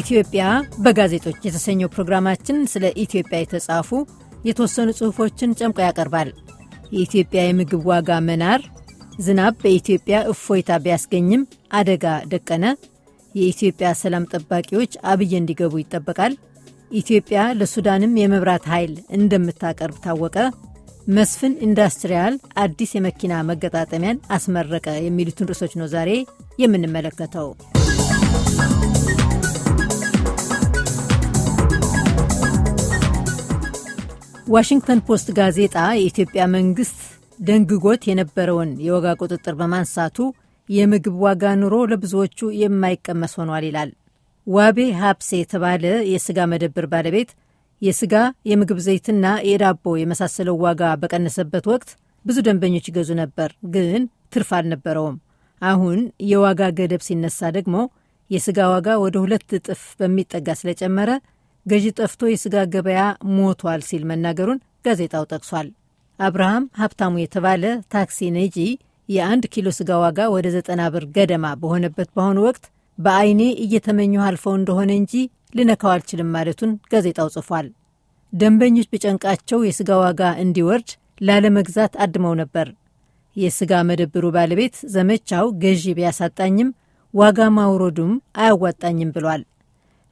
ኢትዮጵያ በጋዜጦች የተሰኘው ፕሮግራማችን ስለ ኢትዮጵያ የተጻፉ የተወሰኑ ጽሑፎችን ጨምቆ ያቀርባል። የኢትዮጵያ የምግብ ዋጋ መናር፣ ዝናብ በኢትዮጵያ እፎይታ ቢያስገኝም አደጋ ደቀነ፣ የኢትዮጵያ ሰላም ጠባቂዎች አብዬ እንዲገቡ ይጠበቃል፣ ኢትዮጵያ ለሱዳንም የመብራት ኃይል እንደምታቀርብ ታወቀ፣ መስፍን ኢንዱስትሪያል አዲስ የመኪና መገጣጠሚያን አስመረቀ የሚሉትን ርዕሶች ነው ዛሬ የምንመለከተው። ዋሽንግተን ፖስት ጋዜጣ የኢትዮጵያ መንግስት ደንግጎት የነበረውን የዋጋ ቁጥጥር በማንሳቱ የምግብ ዋጋ ኑሮ ለብዙዎቹ የማይቀመስ ሆኗል ይላል። ዋቤ ሀብሴ የተባለ የስጋ መደብር ባለቤት የስጋ የምግብ ዘይትና የዳቦ የመሳሰለው ዋጋ በቀነሰበት ወቅት ብዙ ደንበኞች ይገዙ ነበር፣ ግን ትርፍ አልነበረውም። አሁን የዋጋ ገደብ ሲነሳ ደግሞ የስጋ ዋጋ ወደ ሁለት እጥፍ በሚጠጋ ስለጨመረ ገዢ ጠፍቶ የስጋ ገበያ ሞቷል ሲል መናገሩን ጋዜጣው ጠቅሷል። አብርሃም ሀብታሙ የተባለ ታክሲ ነጂ የአንድ ኪሎ ስጋ ዋጋ ወደ ዘጠና ብር ገደማ በሆነበት በአሁኑ ወቅት በአይኔ እየተመኙ አልፈው እንደሆነ እንጂ ልነካው አልችልም ማለቱን ጋዜጣው ጽፏል። ደንበኞች በጨንቃቸው የስጋ ዋጋ እንዲወርድ ላለመግዛት አድመው ነበር። የስጋ መደብሩ ባለቤት ዘመቻው ገዢ ቢያሳጣኝም ዋጋ ማውረዱም አያዋጣኝም ብሏል።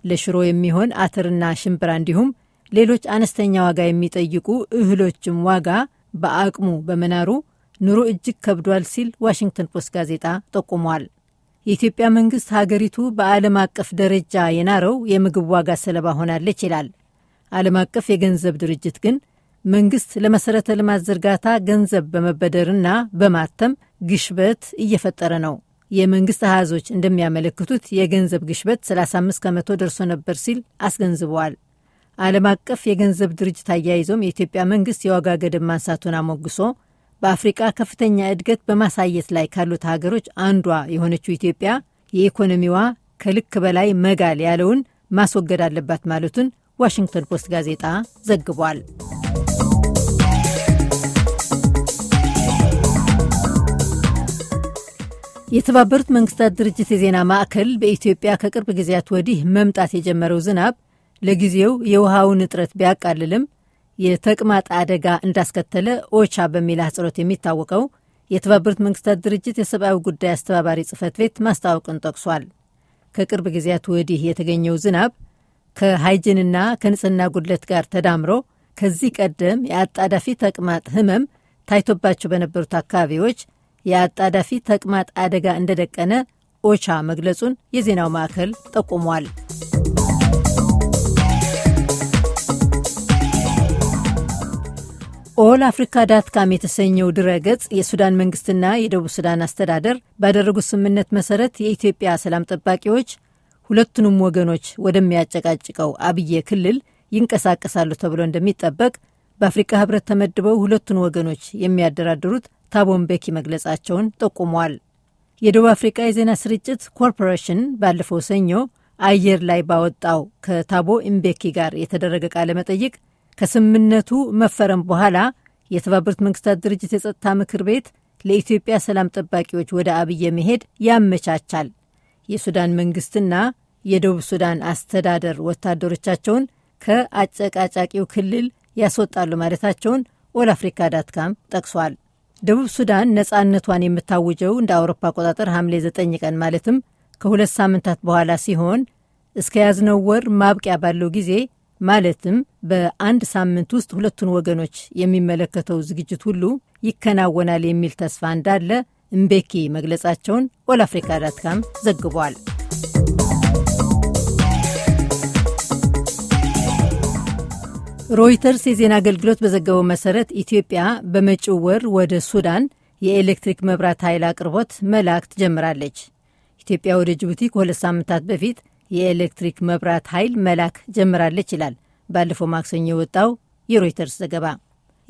ለሽሮ የሚሆን አተርና ሽምብራ እንዲሁም ሌሎች አነስተኛ ዋጋ የሚጠይቁ እህሎችም ዋጋ በአቅሙ በመናሩ ኑሮ እጅግ ከብዷል ሲል ዋሽንግተን ፖስት ጋዜጣ ጠቁሟል። የኢትዮጵያ መንግስት ሀገሪቱ በዓለም አቀፍ ደረጃ የናረው የምግብ ዋጋ ሰለባ ሆናለች ይላል። ዓለም አቀፍ የገንዘብ ድርጅት ግን መንግስት ለመሠረተ ልማት ዝርጋታ ገንዘብ በመበደርና በማተም ግሽበት እየፈጠረ ነው የመንግስት አሃዞች እንደሚያመለክቱት የገንዘብ ግሽበት 35 ከመቶ ደርሶ ነበር ሲል አስገንዝበዋል። ዓለም አቀፍ የገንዘብ ድርጅት አያይዞም የኢትዮጵያ መንግስት የዋጋ ገደብ ማንሳቱን አሞግሶ በአፍሪቃ ከፍተኛ እድገት በማሳየት ላይ ካሉት ሀገሮች አንዷ የሆነችው ኢትዮጵያ የኢኮኖሚዋ ከልክ በላይ መጋል ያለውን ማስወገድ አለባት ማለቱን ዋሽንግተን ፖስት ጋዜጣ ዘግቧል። የተባበሩት መንግስታት ድርጅት የዜና ማዕከል በኢትዮጵያ ከቅርብ ጊዜያት ወዲህ መምጣት የጀመረው ዝናብ ለጊዜው የውሃውን እጥረት ቢያቃልልም የተቅማጥ አደጋ እንዳስከተለ ኦቻ በሚል አህጽሮት የሚታወቀው የተባበሩት መንግስታት ድርጅት የሰብአዊ ጉዳይ አስተባባሪ ጽህፈት ቤት ማስታወቅን ጠቅሷል። ከቅርብ ጊዜያት ወዲህ የተገኘው ዝናብ ከሃይጅንና ከንጽህና ጉድለት ጋር ተዳምሮ ከዚህ ቀደም የአጣዳፊ ተቅማጥ ህመም ታይቶባቸው በነበሩት አካባቢዎች የአጣዳፊ ተቅማጥ አደጋ እንደደቀነ ኦቻ መግለጹን የዜናው ማዕከል ጠቁሟል። ኦል አፍሪካ ዳትካም የተሰኘው ድረገጽ የሱዳን መንግስትና የደቡብ ሱዳን አስተዳደር ባደረጉት ስምምነት መሰረት የኢትዮጵያ ሰላም ጠባቂዎች ሁለቱንም ወገኖች ወደሚያጨቃጭቀው አብዬ ክልል ይንቀሳቀሳሉ ተብሎ እንደሚጠበቅ በአፍሪካ ህብረት ተመድበው ሁለቱን ወገኖች የሚያደራድሩት ታቦ ምቤኪ መግለጻቸውን ጠቁሟል። የደቡብ አፍሪቃ የዜና ስርጭት ኮርፖሬሽን ባለፈው ሰኞ አየር ላይ ባወጣው ከታቦ ኢምቤኪ ጋር የተደረገ ቃለ መጠይቅ ከስምምነቱ መፈረም በኋላ የተባበሩት መንግስታት ድርጅት የጸጥታ ምክር ቤት ለኢትዮጵያ ሰላም ጠባቂዎች ወደ አብየ መሄድ ያመቻቻል፣ የሱዳን መንግስትና የደቡብ ሱዳን አስተዳደር ወታደሮቻቸውን ከአጨቃጫቂው ክልል ያስወጣሉ ማለታቸውን ኦል አፍሪካ ዳትካም ጠቅሷል። ደቡብ ሱዳን ነፃነቷን የምታውጀው እንደ አውሮፓ አቆጣጠር ሐምሌ 9 ቀን ማለትም ከሁለት ሳምንታት በኋላ ሲሆን እስከ ያዝነው ወር ማብቂያ ባለው ጊዜ ማለትም በአንድ ሳምንት ውስጥ ሁለቱን ወገኖች የሚመለከተው ዝግጅት ሁሉ ይከናወናል የሚል ተስፋ እንዳለ እምቤኪ መግለጻቸውን ኦል አፍሪካ ዳትካም ዘግቧል። ሮይተርስ የዜና አገልግሎት በዘገበው መሰረት ኢትዮጵያ በመጪው ወር ወደ ሱዳን የኤሌክትሪክ መብራት ኃይል አቅርቦት መላክ ትጀምራለች። ኢትዮጵያ ወደ ጅቡቲ ከሁለት ሳምንታት በፊት የኤሌክትሪክ መብራት ኃይል መላክ ጀምራለች ይላል ባለፈው ማክሰኞ የወጣው የሮይተርስ ዘገባ።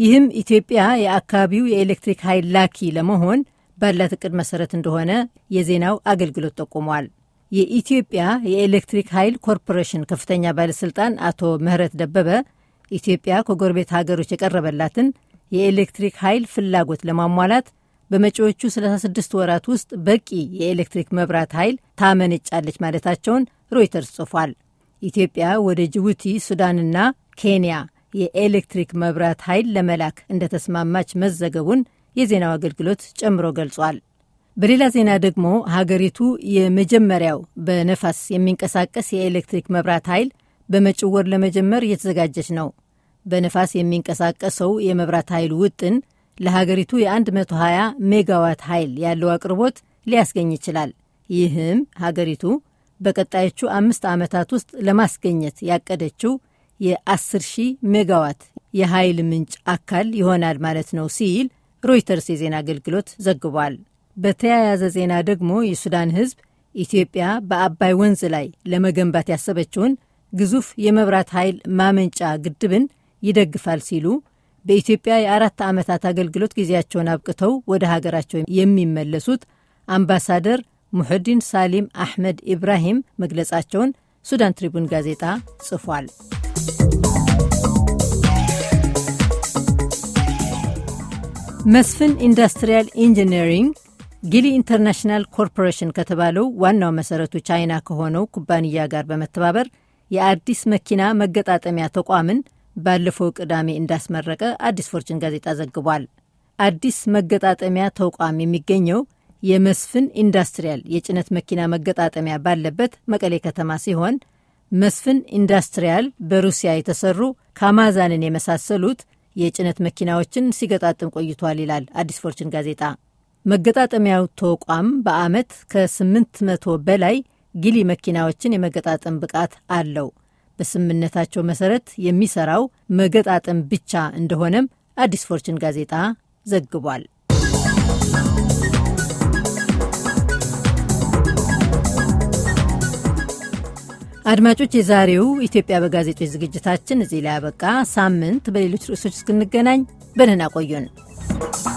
ይህም ኢትዮጵያ የአካባቢው የኤሌክትሪክ ኃይል ላኪ ለመሆን ባላት እቅድ መሰረት እንደሆነ የዜናው አገልግሎት ጠቁሟል። የኢትዮጵያ የኤሌክትሪክ ኃይል ኮርፖሬሽን ከፍተኛ ባለሥልጣን አቶ ምህረት ደበበ ኢትዮጵያ ከጎረቤት ሀገሮች የቀረበላትን የኤሌክትሪክ ኃይል ፍላጎት ለማሟላት በመጪዎቹ 36 ወራት ውስጥ በቂ የኤሌክትሪክ መብራት ኃይል ታመነጫለች ማለታቸውን ሮይተርስ ጽፏል። ኢትዮጵያ ወደ ጅቡቲ፣ ሱዳንና ኬንያ የኤሌክትሪክ መብራት ኃይል ለመላክ እንደተስማማች መዘገቡን የዜናው አገልግሎት ጨምሮ ገልጿል። በሌላ ዜና ደግሞ ሀገሪቱ የመጀመሪያው በነፋስ የሚንቀሳቀስ የኤሌክትሪክ መብራት ኃይል በመጭወር ወር ለመጀመር እየተዘጋጀች ነው። በነፋስ የሚንቀሳቀሰው የመብራት ኃይል ውጥን ለሀገሪቱ የ120 ሜጋዋት ኃይል ያለው አቅርቦት ሊያስገኝ ይችላል። ይህም ሀገሪቱ በቀጣዮቹ አምስት ዓመታት ውስጥ ለማስገኘት ያቀደችው የ10 ሺህ ሜጋዋት የኃይል ምንጭ አካል ይሆናል ማለት ነው ሲል ሮይተርስ የዜና አገልግሎት ዘግቧል። በተያያዘ ዜና ደግሞ የሱዳን ሕዝብ ኢትዮጵያ በአባይ ወንዝ ላይ ለመገንባት ያሰበችውን ግዙፍ የመብራት ኃይል ማመንጫ ግድብን ይደግፋል ሲሉ በኢትዮጵያ የአራት ዓመታት አገልግሎት ጊዜያቸውን አብቅተው ወደ ሀገራቸው የሚመለሱት አምባሳደር ሙሕዲን ሳሊም አሕመድ ኢብራሂም መግለጻቸውን ሱዳን ትሪቡን ጋዜጣ ጽፏል። መስፍን ኢንዱስትሪያል ኢንጂነሪንግ ጊሊ ኢንተርናሽናል ኮርፖሬሽን ከተባለው ዋናው መሰረቱ ቻይና ከሆነው ኩባንያ ጋር በመተባበር የአዲስ መኪና መገጣጠሚያ ተቋምን ባለፈው ቅዳሜ እንዳስመረቀ አዲስ ፎርችን ጋዜጣ ዘግቧል። አዲስ መገጣጠሚያ ተቋም የሚገኘው የመስፍን ኢንዳስትሪያል የጭነት መኪና መገጣጠሚያ ባለበት መቀሌ ከተማ ሲሆን መስፍን ኢንዳስትሪያል በሩሲያ የተሰሩ ካማዛንን የመሳሰሉት የጭነት መኪናዎችን ሲገጣጥም ቆይቷል ይላል አዲስ ፎርችን ጋዜጣ። መገጣጠሚያው ተቋም በዓመት ከ800 በላይ ጊሊ መኪናዎችን የመገጣጠም ብቃት አለው። በስምምነታቸው መሰረት የሚሰራው መገጣጠም ብቻ እንደሆነም አዲስ ፎርችን ጋዜጣ ዘግቧል። አድማጮች፣ የዛሬው ኢትዮጵያ በጋዜጦች ዝግጅታችን እዚህ ላይ ያበቃ። ሳምንት በሌሎች ርዕሶች እስክንገናኝ በደህና ቆዩን።